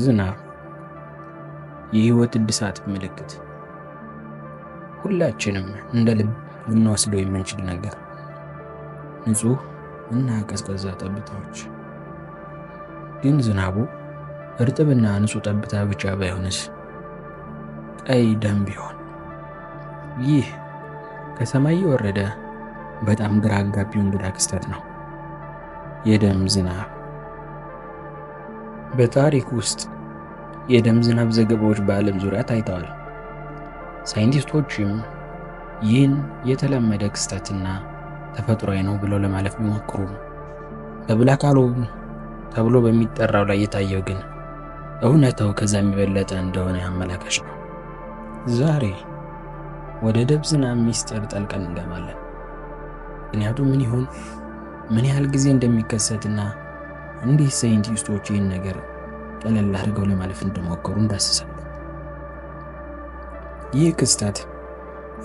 ዝናብ የህይወት እድሳት ምልክት፣ ሁላችንም እንደ ልብ ልንወስደው የምንችል ነገር፣ ንጹህ እና ቀዝቀዛ ጠብታዎች። ግን ዝናቡ እርጥብና ንጹህ ጠብታ ብቻ ባይሆንስ? ቀይ ደም ቢሆን? ይህ ከሰማይ የወረደ በጣም ግራ አጋቢው እንግዳ ክስተት ነው፣ የደም ዝናብ። በታሪክ ውስጥ የደም ዝናብ ዘገባዎች በዓለም ዙሪያ ታይተዋል። ሳይንቲስቶችም ይህን የተለመደ ክስተትና ተፈጥሯዊ ነው ብለው ለማለፍ ቢሞክሩም በብላክ ሆል ተብሎ በሚጠራው ላይ የታየው ግን እውነታው ከዛ የሚበለጠ እንደሆነ አመላካች ነው። ዛሬ ወደ ደም ዝናብ ሚስጥር ጠልቀን እንገባለን። ምክንያቱም ምን ይሁን ምን ያህል ጊዜ እንደሚከሰትና እንዴት ሳይንቲስቶች ይህን ነገር ቀለል አድርገው ለማለፍ እንደሞከሩ እንዳስሳለን። ይህ ክስተት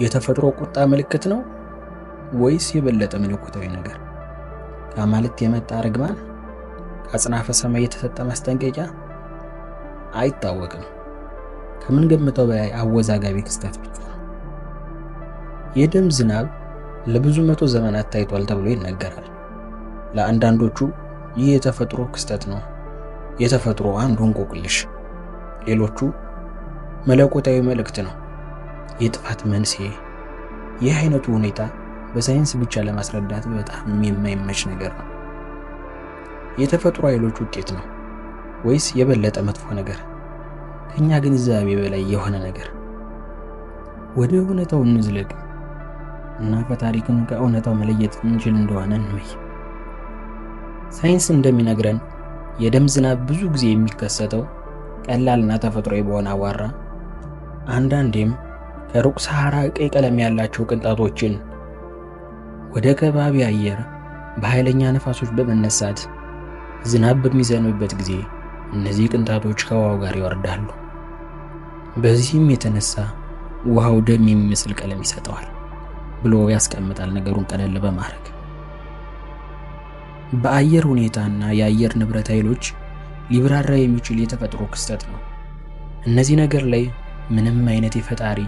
የተፈጥሮ ቁጣ ምልክት ነው ወይስ የበለጠ መለኮታዊ ነገር? ከአማልክት የመጣ ርግማን? ከአጽናፈ ሰማይ የተሰጠ ማስጠንቀቂያ? አይታወቅም። ከምንገምተው በላይ አወዛጋቢ ክስተት ብቻ ነው። የደም ዝናብ ለብዙ መቶ ዘመናት ታይቷል ተብሎ ይነገራል። ለአንዳንዶቹ ይህ የተፈጥሮ ክስተት ነው፣ የተፈጥሮ አንዱ እንቆቅልሽ። ሌሎቹ መለኮታዊ መልእክት ነው፣ የጥፋት መንስኤ። ይህ አይነቱ ሁኔታ በሳይንስ ብቻ ለማስረዳት በጣም የማይመች ነገር ነው። የተፈጥሮ ኃይሎች ውጤት ነው ወይስ የበለጠ መጥፎ ነገር? ከእኛ ግንዛቤ በላይ የሆነ ነገር። ወደ እውነታው እንዝለቅ እና ፈታሪክን ከእውነታው መለየት እንችል እንደሆነ እንመይ። ሳይንስ እንደሚነግረን የደም ዝናብ ብዙ ጊዜ የሚከሰተው ቀላልና ተፈጥሯዊ በሆነ አቧራ፣ አንዳንዴም ከሩቅ ሰሐራ ቀይ ቀለም ያላቸው ቅንጣቶችን ወደ ከባቢ አየር በኃይለኛ ነፋሶች በመነሳት ዝናብ በሚዘንብበት ጊዜ እነዚህ ቅንጣቶች ከውሃው ጋር ይወርዳሉ። በዚህም የተነሳ ውሃው ደም የሚመስል ቀለም ይሰጠዋል ብሎ ያስቀምጣል ነገሩን ቀለል በማድረግ በአየር ሁኔታና የአየር ንብረት ኃይሎች ሊብራራ የሚችል የተፈጥሮ ክስተት ነው። እነዚህ ነገር ላይ ምንም አይነት የፈጣሪ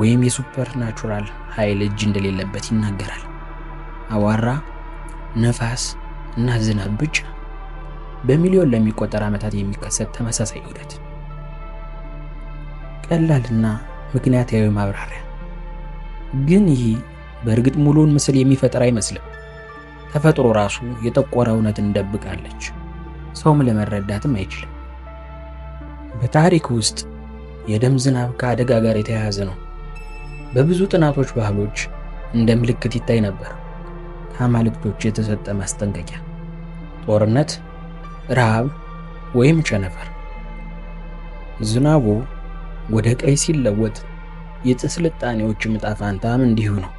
ወይም የሱፐርናቹራል ኃይል እጅ እንደሌለበት ይናገራል። አዋራ፣ ነፋስ እና ዝናብ ብቻ በሚሊዮን ለሚቆጠር ዓመታት የሚከሰት ተመሳሳይ ሂደት። ቀላልና ምክንያታዊ ማብራሪያ። ግን ይህ በእርግጥ ሙሉውን ምስል የሚፈጥር አይመስልም። ተፈጥሮ ራሱ የጠቆረ እውነትን ደብቃለች፣ ሰውም ለመረዳትም አይችልም። በታሪክ ውስጥ የደም ዝናብ ከአደጋ ጋር የተያያዘ ነው። በብዙ ጥናቶች ባህሎች እንደ ምልክት ይታይ ነበር። ከአማልክቶች የተሰጠ ማስጠንቀቂያ፣ ጦርነት፣ ረሃብ ወይም ቸነፈር። ዝናቡ ወደ ቀይ ሲለወጥ የስልጣኔዎች ምጣፋንታም እንዲሁ ነው።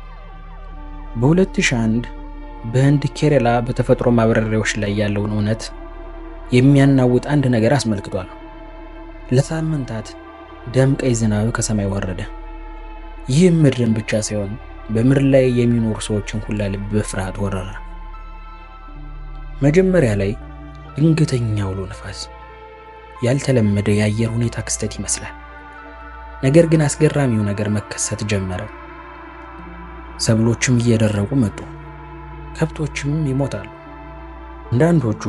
በ2001 በህንድ ኬረላ በተፈጥሮ ማብረሪያዎች ላይ ያለውን እውነት የሚያናውጥ አንድ ነገር አስመልክቷል። ለሳምንታት ደም ቀይ ዝናብ ከሰማይ ወረደ። ይህም ምድርን ብቻ ሳይሆን በምድር ላይ የሚኖሩ ሰዎችን ሁላ ልብ በፍርሃት ወረረ። መጀመሪያ ላይ ድንገተኛ አውሎ ነፋስ ያልተለመደ የአየር ሁኔታ ክስተት ይመስላል። ነገር ግን አስገራሚው ነገር መከሰት ጀመረ። ሰብሎችም እየደረቁ መጡ። ከብቶችም ይሞታሉ። አንዳንዶቹ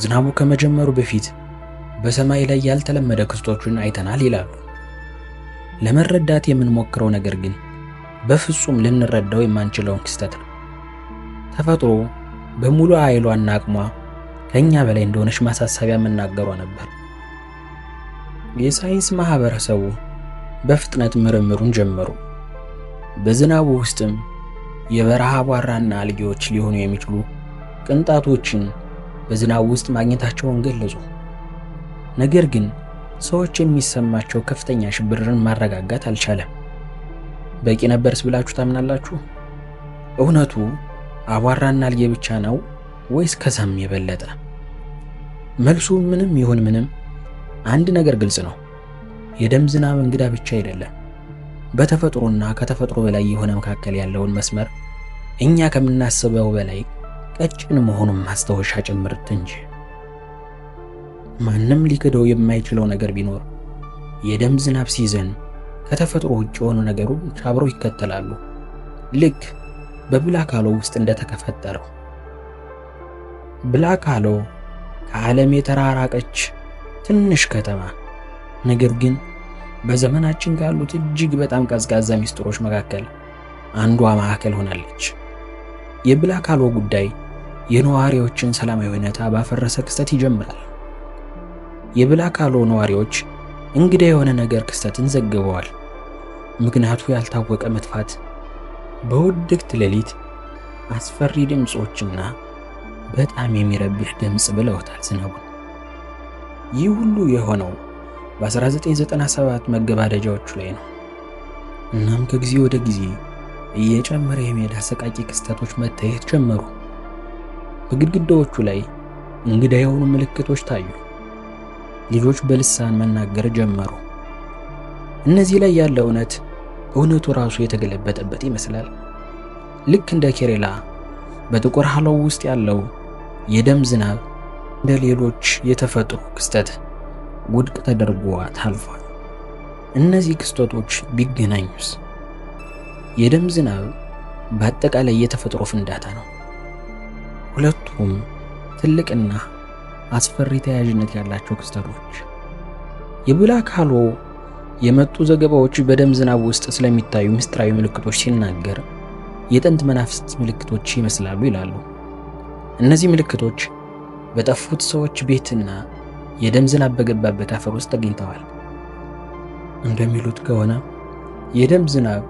ዝናቡ ከመጀመሩ በፊት በሰማይ ላይ ያልተለመደ ክስቶቹን አይተናል ይላሉ። ለመረዳት የምንሞክረው ነገር ግን በፍጹም ልንረዳው የማንችለውን ክስተት ነው። ተፈጥሮ በሙሉ ኃይሏና አቅሟ ከእኛ በላይ እንደሆነች ማሳሰቢያ መናገሯ ነበር። የሳይንስ ማህበረሰቡ በፍጥነት ምርምሩን ጀመሩ። በዝናቡ ውስጥም የበረሃ አቧራና አልጌዎች ሊሆኑ የሚችሉ ቅንጣቶችን በዝናብ ውስጥ ማግኘታቸውን ገለጹ። ነገር ግን ሰዎች የሚሰማቸው ከፍተኛ ሽብርን ማረጋጋት አልቻለም። በቂ ነበርስ ብላችሁ ታምናላችሁ? እውነቱ አቧራና አልጌ ብቻ ነው ወይስ ከዛም የበለጠ? መልሱ ምንም ይሁን ምንም አንድ ነገር ግልጽ ነው። የደም ዝናብ እንግዳ ብቻ አይደለም። በተፈጥሮና ከተፈጥሮ በላይ የሆነ መካከል ያለውን መስመር እኛ ከምናስበው በላይ ቀጭን መሆኑን ማስታወሻ ጭምርት እንጂ። ማንም ሊክደው የማይችለው ነገር ቢኖር የደም ዝናብ ሲዘን ከተፈጥሮ ውጭ የሆኑ ነገሮች አብረው ይከተላሉ። ልክ በብላካሎ ውስጥ እንደተከፈጠረው ብላካሎ ከዓለም የተራራቀች ትንሽ ከተማ ነገር ግን በዘመናችን ካሉት እጅግ በጣም ቀዝቃዛ ሚስጥሮች መካከል አንዷ ማዕከል ሆናለች። የብላክ አልዋ ጉዳይ የነዋሪዎችን ሰላማዊ ሁኔታ ባፈረሰ ክስተት ይጀምራል። የብላክ አልዋ ነዋሪዎች እንግዳ የሆነ ነገር ክስተትን ዘግበዋል። ምክንያቱ ያልታወቀ መጥፋት፣ በውድቅት ሌሊት አስፈሪ ድምፆችና በጣም የሚረብሽ ድምፅ ብለውታል ዝናቡን። ይህ ሁሉ የሆነው በ1997 መገባደጃዎቹ ላይ ነው። እናም ከጊዜ ወደ ጊዜ እየጨመረ የሜዳ አሰቃቂ ክስተቶች መታየት ጀመሩ። በግድግዳዎቹ ላይ እንግዳ የሆኑ ምልክቶች ታዩ። ልጆች በልሳን መናገር ጀመሩ። እነዚህ ላይ ያለ እውነት እውነቱ ራሱ የተገለበጠበት ይመስላል። ልክ እንደ ኬሬላ በጥቁር ሀለው ውስጥ ያለው የደም ዝናብ እንደ ሌሎች የተፈጥሮ ክስተት ውድቅ ተደርጎ ታልፏል። እነዚህ ክስተቶች ቢገናኙስ? የደም ዝናብ በአጠቃላይ የተፈጥሮ ፍንዳታ ነው። ሁለቱም ትልቅና አስፈሪ ተያያዥነት ያላቸው ክስተቶች። የብላክ ሃሎ የመጡ ዘገባዎች በደም ዝናብ ውስጥ ስለሚታዩ ምስጢራዊ ምልክቶች ሲናገር የጥንት መናፍስት ምልክቶች ይመስላሉ ይላሉ። እነዚህ ምልክቶች በጠፉት ሰዎች ቤትና የደም ዝናብ በገባበት አፈር ውስጥ ተገኝተዋል። እንደሚሉት ከሆነ የደም ዝናብ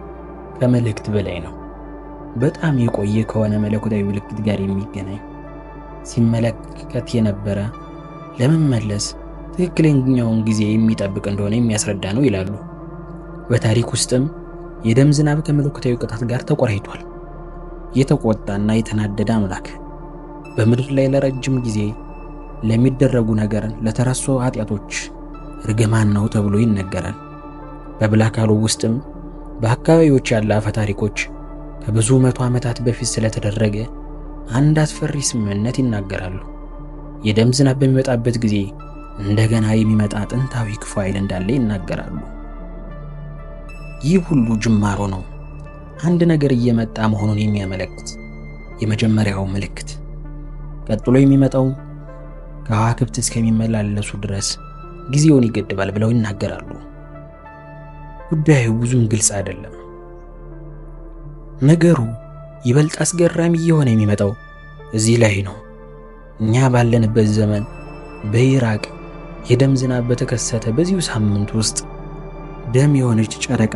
ከመልእክት በላይ ነው። በጣም የቆየ ከሆነ መለኮታዊ ምልክት ጋር የሚገናኝ ሲመለከት የነበረ ለመመለስ ትክክለኛውን ጊዜ የሚጠብቅ እንደሆነ የሚያስረዳ ነው ይላሉ። በታሪክ ውስጥም የደም ዝናብ ከመለኮታዊ ቅጣት ጋር ተቆራኝቷል። የተቆጣና የተናደደ አምላክ በምድር ላይ ለረጅም ጊዜ ለሚደረጉ ነገርን ለተረሶ ኃጢአቶች ርግማን ነው ተብሎ ይነገራል። በብላካሉ ውስጥም በአካባቢዎች ያለ አፈ ታሪኮች ከብዙ መቶ ዓመታት በፊት ስለተደረገ አንድ አስፈሪ ስምምነት ይናገራሉ። የደም ዝናብ በሚመጣበት ጊዜ እንደገና የሚመጣ ጥንታዊ ክፉ ኃይል እንዳለ ይናገራሉ። ይህ ሁሉ ጅማሮ ነው፣ አንድ ነገር እየመጣ መሆኑን የሚያመለክት የመጀመሪያው ምልክት። ቀጥሎ የሚመጣው ከዋክብት እስከሚመላለሱ ድረስ ጊዜውን ይገድባል ብለው ይናገራሉ። ጉዳዩ ብዙም ግልጽ አይደለም። ነገሩ ይበልጥ አስገራሚ እየሆነ የሚመጣው እዚህ ላይ ነው። እኛ ባለንበት ዘመን በኢራቅ የደም ዝናብ በተከሰተ በዚሁ ሳምንት ውስጥ ደም የሆነች ጨረቃ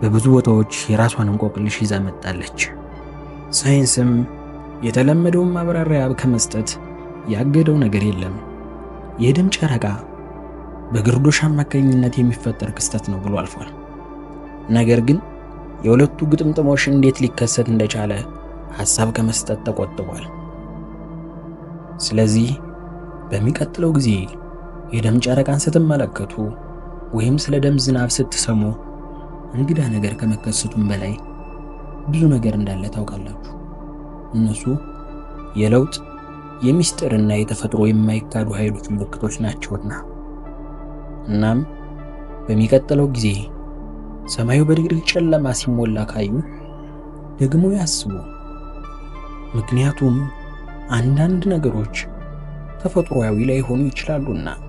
በብዙ ቦታዎች የራሷን እንቆቅልሽ ይዛ መጣለች። ሳይንስም የተለመደውን ማብራሪያ ከመስጠት ያገደው ነገር የለም። የደም ጨረቃ በግርዶሽ አማካኝነት የሚፈጠር ክስተት ነው ብሎ አልፏል። ነገር ግን የሁለቱ ግጥምጥሞሽ እንዴት ሊከሰት እንደቻለ ሐሳብ ከመስጠት ተቆጥቧል። ስለዚህ በሚቀጥለው ጊዜ የደም ጨረቃን ስትመለከቱ ወይም ስለ ደም ዝናብ ስትሰሙ እንግዳ ነገር ከመከሰቱም በላይ ብዙ ነገር እንዳለ ታውቃላችሁ። እነሱ የለውጥ እና የተፈጥሮ የማይካዱ ኃይሎች ምልክቶች ናቸውና። እናም በሚቀጥለው ጊዜ ሰማዩ በድቅድቅ ጨለማ ሲሞላ ካዩ ደግሞ ያስቡ። ምክንያቱም አንዳንድ ነገሮች ተፈጥሮአዊ ላይሆኑ ይችላሉና።